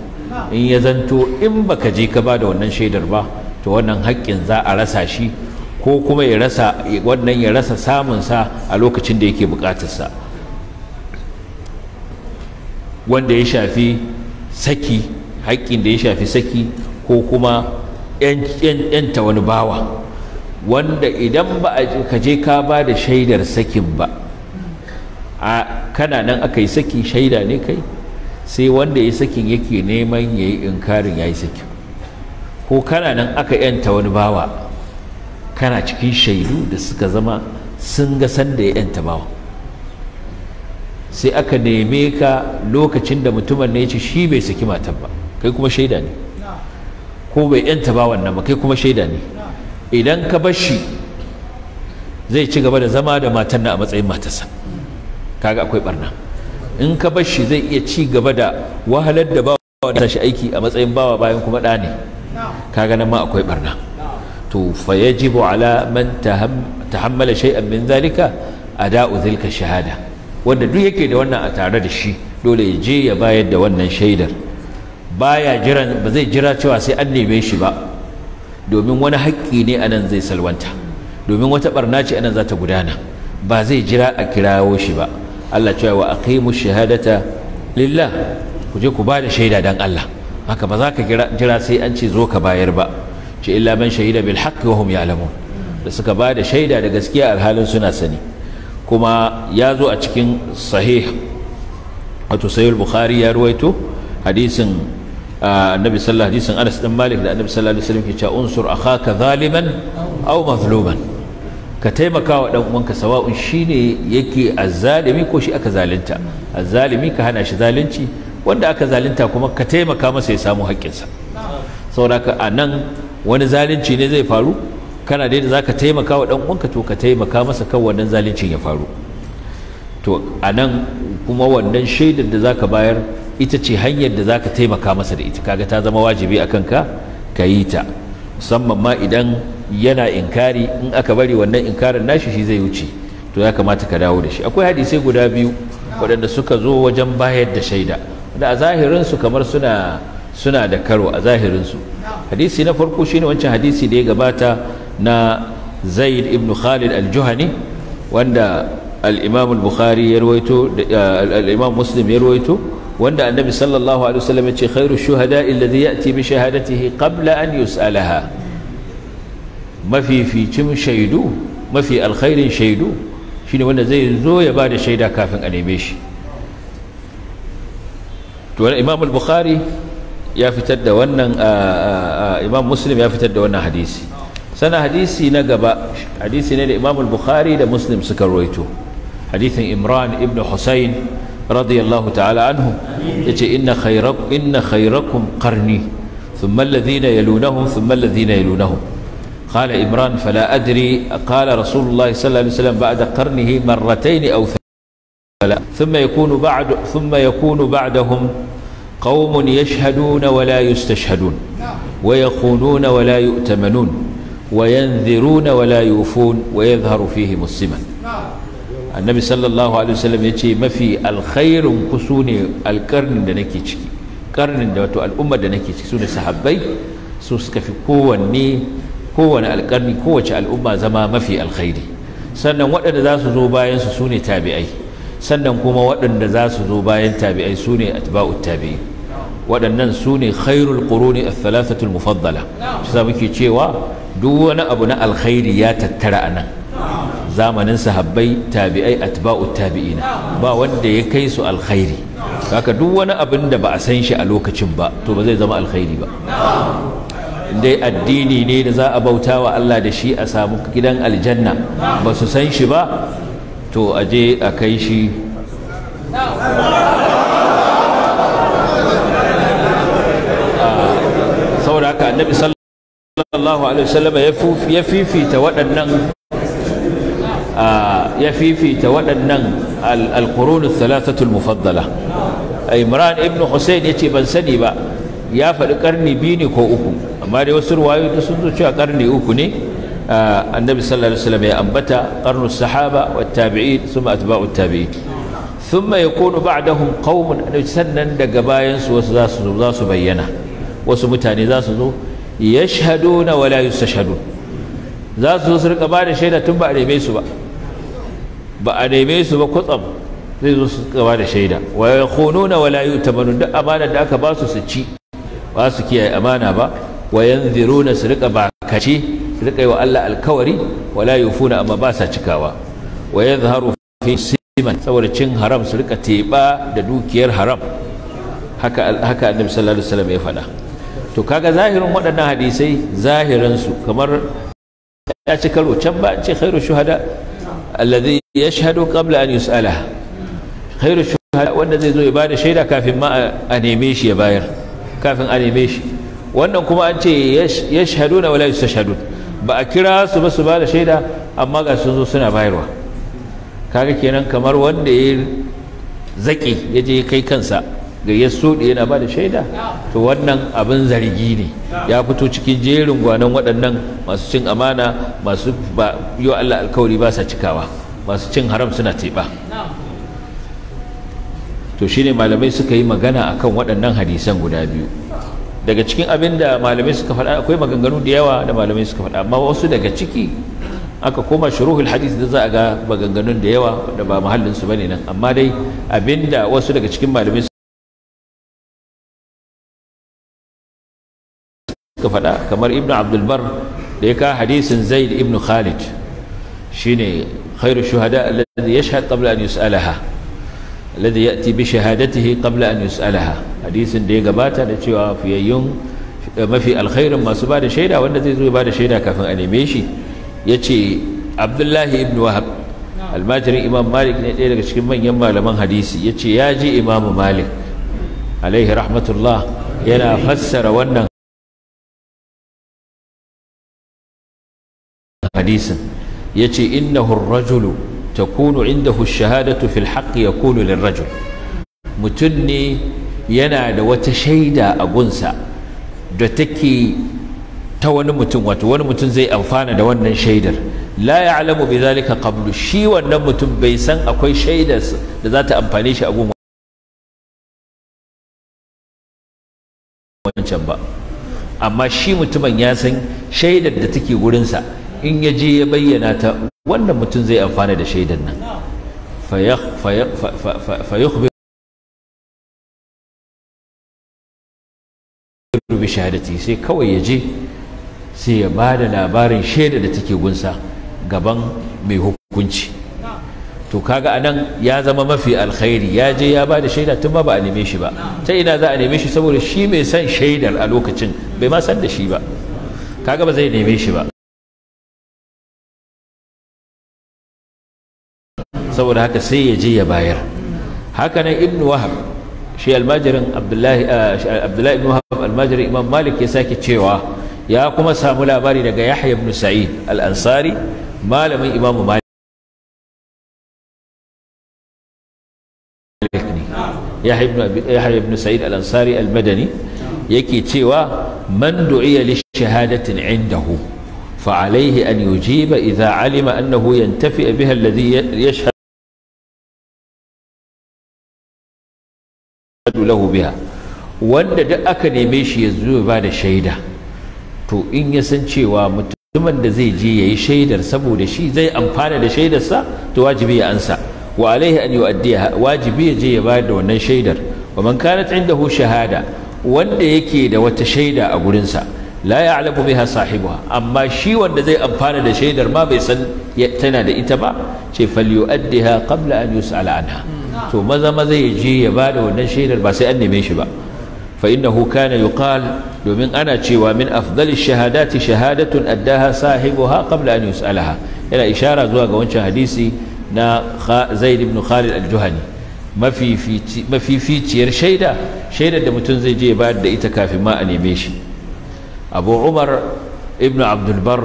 in ya zanto in baka je ka ba da wannan shaidar ba to wannan haƙƙin za a rasa shi ko kuma ya rasa wannan ya rasa samun sa a lokacin da yake buƙatar sa wanda ya shafi saki haƙƙin da ya shafi saki ko kuma 'yanta wani bawa wanda idan ba ka je ka ba da shaidar sakin ba a kana nan aka yi saki shaida ne kai sai wanda ya sakin yake neman ya yi inkarin ya yi sakin ko kana nan aka yanta wani bawa kana cikin shaidu da suka zama sun ga sanda ya yanta bawa sai aka neme ka lokacin da mutumin ne ya ce shi bai saki matan ba kai kuma shaida ne ko bai yanta ba wannan ba kai kuma shaida ne idan ka bar shi zai ci gaba da zama da matan nan a matsayin matarsa kaga akwai barna in ka bar shi zai iya ci gaba da wahalar da bawa da tashi aiki a matsayin bawa bayan kuma dane ne kaga nan ma akwai barna to fa yajibu ala man tahammala shay'an min zalika ada'u zilka shahada wanda duk yake da wannan a tare da shi dole ya je ya bayar da wannan shaidar baya jiran ba zai jira cewa sai an neme shi ba domin wani haƙƙi ne anan zai salwanta domin wata barna ce anan za ta gudana ba zai jira a kirawo shi ba Allah cewa wa aqimu shahadata lillah ku je ku ba da shaida dan Allah haka ba za ka jira sai an ce zo ka bayar ba ce illa man shahida bil haqqi wa hum ya'lamun da suka ba da shaida da gaskiya alhalin suna sani kuma ya zo a cikin sahih wato sahih bukhari ya ruwaito hadisin Ah, annabi sallallahu alaihi wasallam Anas dan Malik da annabi sallallahu alaihi wasallam ke cewa unsur akhaka zaliman aw mazluman ka taimaka wa dan uwanka sawa'un shine yake azzalimi ko shi aka zalunta azzalimi ka hana shi zalunci wanda aka zalunta kuma ka taimaka masa ya samu haƙƙinsa saboda a nan wani zalunci ne zai faru kana dai yadda za ka taimaka wa ɗan uwanka to ka taimaka masa kan wannan zaluncin ya faru to a nan kuma wannan shaidar da za ka bayar ita ce hanyar da zaka taimaka masa da ita kaga ta zama wajibi a kanka ka yi ta musamman ma idan yana inkari in aka bari wannan inkarin nashi shi zai wuce to ya kamata ka dawo da shi akwai hadisai guda biyu waɗanda suka zo wajen bayar da shaida da a zahirinsu kamar suna suna da karo a zahirinsu hadisi na farko shine wancan hadisi da ya gabata na zaid ibn khalid al-juhani wanda al-imam al-bukhari ya rawaito eh, al-imam muslim ya rawaito wanda annabi sallallahu alaihi wasallam ya ce khairu shuhada alladhi ya'ti bi shahadatihi qabla an yus'alaha mafificin shaidu mafi alkhairin shaidu shine wanda zai zo ya bada shaida kafin a neme shi to imam al-bukhari ya fitar da wannan imam muslim ya fitar da wannan hadisi sana hadisi na gaba hadisi ne da imam al-bukhari da muslim suka rawaito hadisin imran ibn husayn radiyallahu ta'ala anhu يجي إن خيرك إن خيركم قرني ثم الذين يلونهم ثم الذين يلونهم قال إمران فلا أدري قال رسول الله صلى الله عليه وسلم بعد قرنه مرتين أو ثلاث ثم يكون بعد ثم يكون بعدهم قوم يشهدون ولا يستشهدون ويخونون ولا يؤتمنون وينذرون ولا يوفون ويظهر فيهم السمن annabi sallallahu alaihi wasallam ya ce mafi alkhairun ku su ne alƙarnin da nake ciki ƙarnin da wato al'umma da nake ciki su ne sahabbai su suka fi kowanne kowane alƙarni kowace al'umma zama mafi alkhairi sannan waɗanda za su zo bayansu su ne tabi'ai sannan kuma waɗanda za su zo bayan tabi'ai su ne atba'ut tabi'i waɗannan su ne khairul quruni al-thalathatul mufaddala shi muke cewa duk wani abu na alkhairi ya tattara anan. nan zamanin sahabbai tabi'ai atba'u tabi'ina ba wanda ya kai su alkhairi kaka duk wani abin da ba a san shi a lokacin ba to ba zai zama alkhairi ba dai addini ne da za a bauta wa Allah da shi a samu gidan aljanna ba su san shi ba to a je a kai shi saboda haka annabi sallallahu alaihi wasallam ya fifita waɗannan ya fifita waɗannan alƙurunin salatatul mufaddala imran ibn hussein ya ce ban sani ba ya faɗi ƙarni biyu ne ko uku amma dai wasu ruwayoyi sun zo a ƙarni uku ne annabi sallallahu alaihi wasallam ya ambata ƙarnu sahaba wa tabi'in summa atba'u kunu thumma yakunu ba'dahum qaumun sannan daga bayansu su wasu za su bayyana wasu mutane za su zo yashhaduna wa la yustashhadun za su zo su rika bada shaida tun ba a neme su ba ba a neme su ba kwatsam zai zo su rika bada shaida wa ya khununa wa la yu'tamanu duk amana da aka ba su su ci ba su kiyaye amana ba wa yanziruna su rika bakace. su rika yi wa Allah alkawari wa la yufuna amma ba sa cikawa wa yadhharu fi siman saboda cin haram su rika teba da dukiyar haram haka haka annabi sallallahu alaihi wasallam ya faɗa to kaga zahirin waɗannan hadisai zahirin su kamar ya ci karo can ba an yus'ala khairu shuhada wanda zai zo ya bada shaida kafin a neme shi ya bayar kafin a neme shi wannan kuma an ce yashhaduna wala yustashhadun ba a kira su ba su bada shaida amma ga sun zo suna bayarwa kaga kenan kamar wanda ya zaki ya kai kansa ga ya soɗe yana ba da shaida to wannan abin zargi ne ya fito cikin jerin gwanon waɗannan masu cin amana masu ba wa Allah alkawari ba sa cikawa masu cin haram suna teɓa to shine malamai suka yi magana akan waɗannan hadisan guda biyu daga cikin abin da malamai suka faɗa akwai maganganu da yawa da malamai suka faɗa amma wasu daga ciki aka koma shuruhul hadis da za a ga maganganun da yawa da ba mahallinsu ba ne nan amma dai abinda wasu daga cikin malamai ka faɗa kamar ibnu abdulbar da ya ka hadisin zaid ibnu khalid shine khairu shuhada alladhi yashhad qabla an yus'alaha alladhi ya'ti bi shahadatihi qabla an yus'alaha hadisin da ya gabata da cewa fiyayyun mafi alkhairin masu da shaida wanda zai zo ya da shaida kafin a neme shi yace abdullahi ibnu wahab almajirin imam malik ne ɗaya daga cikin manyan malaman hadisi ya ce ya ji imamu malik alaihi rahmatullah yana fassara wannan hadisin yace innahu ar-rajulu takunu indahu ash-shahadatu fil haqqi yakunu lirajul mutum ne yana da wata shaida a gunsa da take ta wani mutum wato wani mutum zai amfana da wannan shaidar la ya'lamu bidhalika qablu shi wannan mutum bai san akwai shaidar da za ta amfane shi a gun wancan ba amma shi mutumin ya san shaidar da take gurinsa in ya je ya bayyana ta wannan mutum zai amfana da shaidan nan bi shahadati sai kawai ya je sai ya ba da labarin shaida da take gunsa gaban mai hukunci to kaga anan ya zama mafi alkhairi ya je ya ba da shaida tun ba ba a neme shi ba ta ina za a neme shi saboda shi mai son shaidar a lokacin bai ma san da shi ba kaga ba zai neme shi ba saboda haka sai ya je ya bayar haka nan ibnu wahab shi almajirin abdullahi abdullahi ibn wahab almajirin imam malik ya sake cewa ya kuma samu labari daga yahya ibn sa'id al-ansari malamin imam malik ne yahya ibn sa'id al-ansari al-madani yake cewa man du'iya li shahadatin indahu فعليه أن يجيب إذا علم أنه ينتفئ بها الذي يشهد lahu biha wanda duk aka neme shi ya zo ya bada shaida to in ya san cewa mutumin da zai je yayi shaidar saboda shi zai amfana da shaidarsa to wajibi ya ansa wa alaihi an yu'addiha wajibi ya je ya bayar da wannan shaidar wa man kanat indahu shahada wanda yake da wata shaida a gurinsa la ya'lamu biha sahibuha amma shi wanda zai amfana da shaidar ma bai san tana da ita ba ce falyu'addiha qabla an yus'ala anha to maza maza ya je ya ba da wannan shaidar ba sai an neme shi ba fa innahu kana yuqal domin ana cewa min afdali shahadati shahadatun addaha sahibuha qabla an yus'alaha yana ishara zuwa ga wancan hadisi na Zaid ibn Khalid al-Juhani mafificiyar shaida shaidar da mutum zai je ba da ita kafin ma a neme shi abu umar ibn abdulbar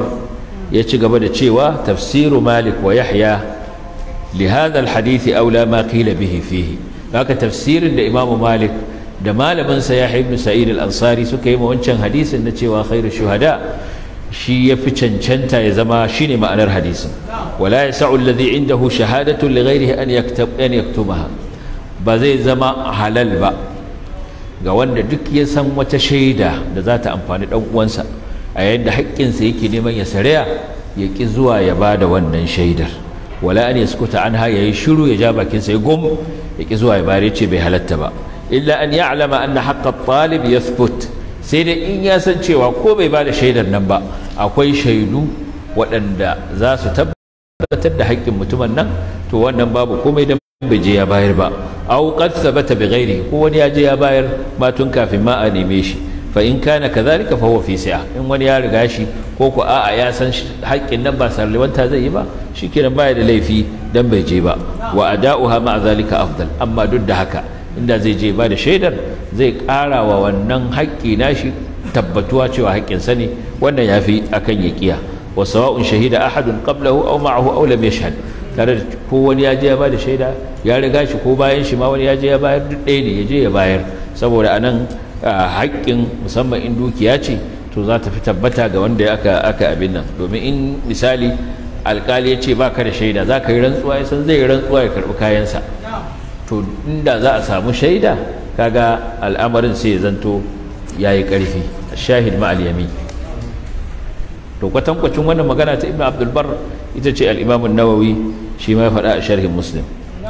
ya ci gaba da cewa tafsiru malik wa yahya لهذا الحديث أولى ما قيل به فيه haka tafsirin da Imam Malik da malamin sa Yahya ibn Sa'id al-Ansari suka yi wancan hadisin na cewa khairu shuhada shi yafi cancanta ya zama shine ma'anar hadisin wala yas'u alladhi indahu shahadatu li ghayrihi an yaktab an yaktubaha ba zai zama halal ba ga wanda duk ya san wata shaida da za ta amfani dan uwansa a yayin da sa yake neman ya saraya ya ƙi zuwa ya ba da wannan shaidar wala an yaskuta anha yayi shiru ya ja bakin sa ya gum zuwa ya bare ce bai halatta ba illa an ya'lama anna haqqa at-talib yathbut sai da in ya san cewa ko bai bada shaidar nan ba akwai shaidu waɗanda za su tabbatar da haƙƙin mutumin nan to wannan babu komai da bai je ya bayar ba au qad sabata bi ghairi ko wani ya je ya bayar ba tun kafin ma a neme shi fa in kana kadhalika fa huwa fi in wani ya riga shi ko ku a'a ya san haƙƙin nan ba sarlewanta zai yi ba shikenan baya da laifi dan bai je ba wa ada'uha ma zalika afdal amma duk da haka inda zai je ba da shaidar zai ƙara wa wannan haƙƙi nashi tabbatuwa cewa hakkin ne wannan yafi akan a ya wa sawa'un shahida ahadun qablahu aw ma'ahu aw lam yashhad tare da ko wani ya je ya ba da shaida ya riga shi ko bayan shi ma wani ya je ya bayar duk ɗaya ne ya je ya bayar saboda anan haƙƙin musamman in dukiya ce to za ta fi tabbata ga wanda aka aka abin nan domin in misali alƙali ya ce ba ka da shaida za ka yi rantsuwa ya san zai yi rantsuwa ya karɓi kayansa to inda za a samu shaida kaga al'amarin sai ya zanto ya yi ƙarfi shahid ma'al yamin to kwatankwacin wannan magana ta ibn abdulbar ita ce al'imamun nawawi shi ma ya faɗa a sharhin muslim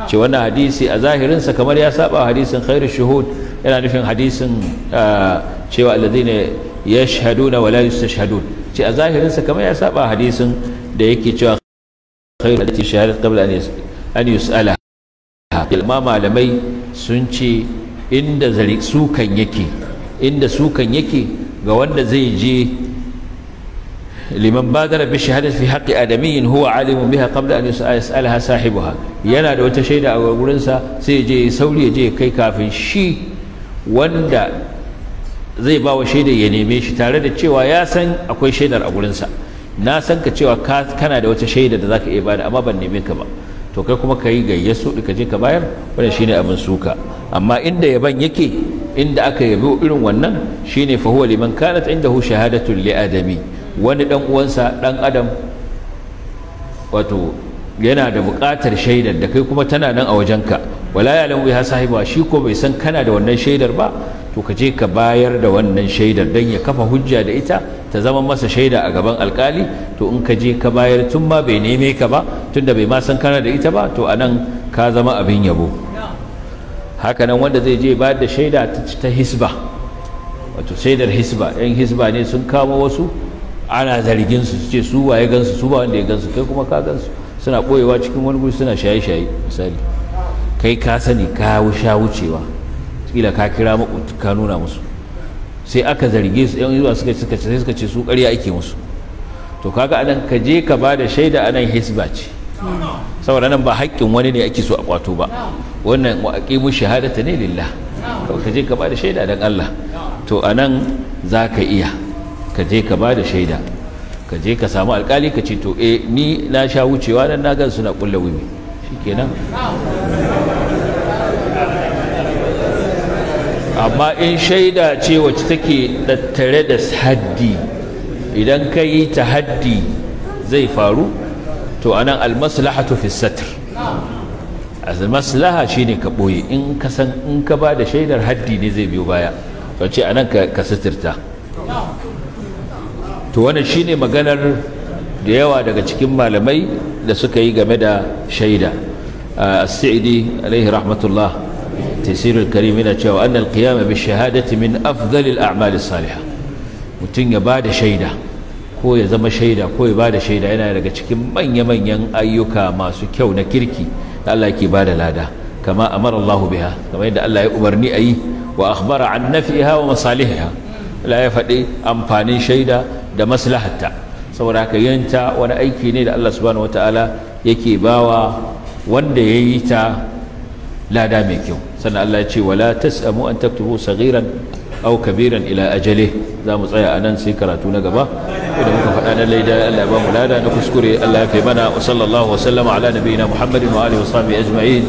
ce wannan hadisi a zahirinsa kamar ya saba hadisin khairu shuhud yana nufin hadisin ah, cewa shahadu na wa la yustashhadun ce a zahirinsa kamar ya saba hadisin da yake cewa khairu allati shahadat an malamai sun ce inda zari sukan yake inda sukan yake ga wanda zai je liman badara bi shahadati fi haqqi adamiyyin huwa alimun biha qabla an yus'alaha sahibuha yana da wata shaida a gurin sa sai je sauri ya je kai kafin shi wanda zai ba wa shaida ya neme shi tare da cewa ya san akwai shaidar a gurinsa na san ka cewa kana da wata shaida da zaka iya bada amma ban neme ka ba to kai kuma ka yi gayyaso ka je ka bayar wannan shine abin suka amma inda yaban yake inda aka yabi irin wannan shine fa huwa liman kanat indahu shahadatun li adami wani dan uwansa dan adam wato yana da bukatar shaidar da kai kuma tana nan a wajenka wala ya lamu ya sahiba shi ko bai san kana da wannan shaidar ba to ka je ka bayar da wannan shaidar dan ya kafa hujja da ita ta zama masa shaida a gaban alkali to in ka je ka bayar tun ma bai neme ka ba tunda bai ma san kana da ita ba to anan ka zama abin yabo hakanan wanda zai je bayar da shaida ta hisba wato shaidar hisba yan hisba ne sun kama wasu ana zargin su su ce su waye gansu su ba wanda ya gansu kai kuma ka gansu suna boyewa cikin wani guri suna shaye-shaye misali kai ka sani ka sha wucewa kila ka kira makwabci ka nuna musu sai aka zarge su yan zuwa suka suka ce suka ce su ƙarya ake musu to kaga anan ka je ka ba da shaida anan hisba ce saboda nan ba haƙƙin wani ne ake so a kwato ba wannan wa aqimu shahadata ne lillah ka je ka ba da shaida dan Allah to anan za ka iya ka je ka ba da shaida ka je ka samu alƙali ka ce to eh ni na sha wucewa nan na gan suna kulla shikenan amma in shaida ce wacce take tattare da haddi idan ka yi ta haddi zai faru to anan almaslahatu fi satr almaslaha shine ka boye in ka san in ka ba da shaidar haddi ne zai biyo baya to ce anan ka sitirta to wannan shine maganar da yawa daga cikin malamai da suka yi game da shaida as-sa'idi alaihi rahmatullah tafsir al-karim yana cewa annal bi shahadati min afdal al-a'mal as-salihah mutun ya bada shaida ko ya zama shaida ko ya bada shaida yana daga cikin manya-manyan ayyuka masu kyau na kirki da Allah yake bada lada kama amara Allah biha kamar yadda Allah ya umarni ayi wa akhbara an nafiha wa masalihiha la ya fadi amfanin shaida da maslahata saboda haka yanta wani aiki ne da Allah subhanahu wataala yake bawa wanda ya yi ta lada mai kyau sannan Allah ya ce wala tasamu an taktubu saghiran aw kabiran ila ajali za mu tsaya anan sai karatu na gaba idan muka faɗa na laida Allah ya ba mu lada na kuskure Allah ya fi mana wa sallallahu wa sallama ala nabiyina Muhammadin wa alihi wa sahbihi ajma'in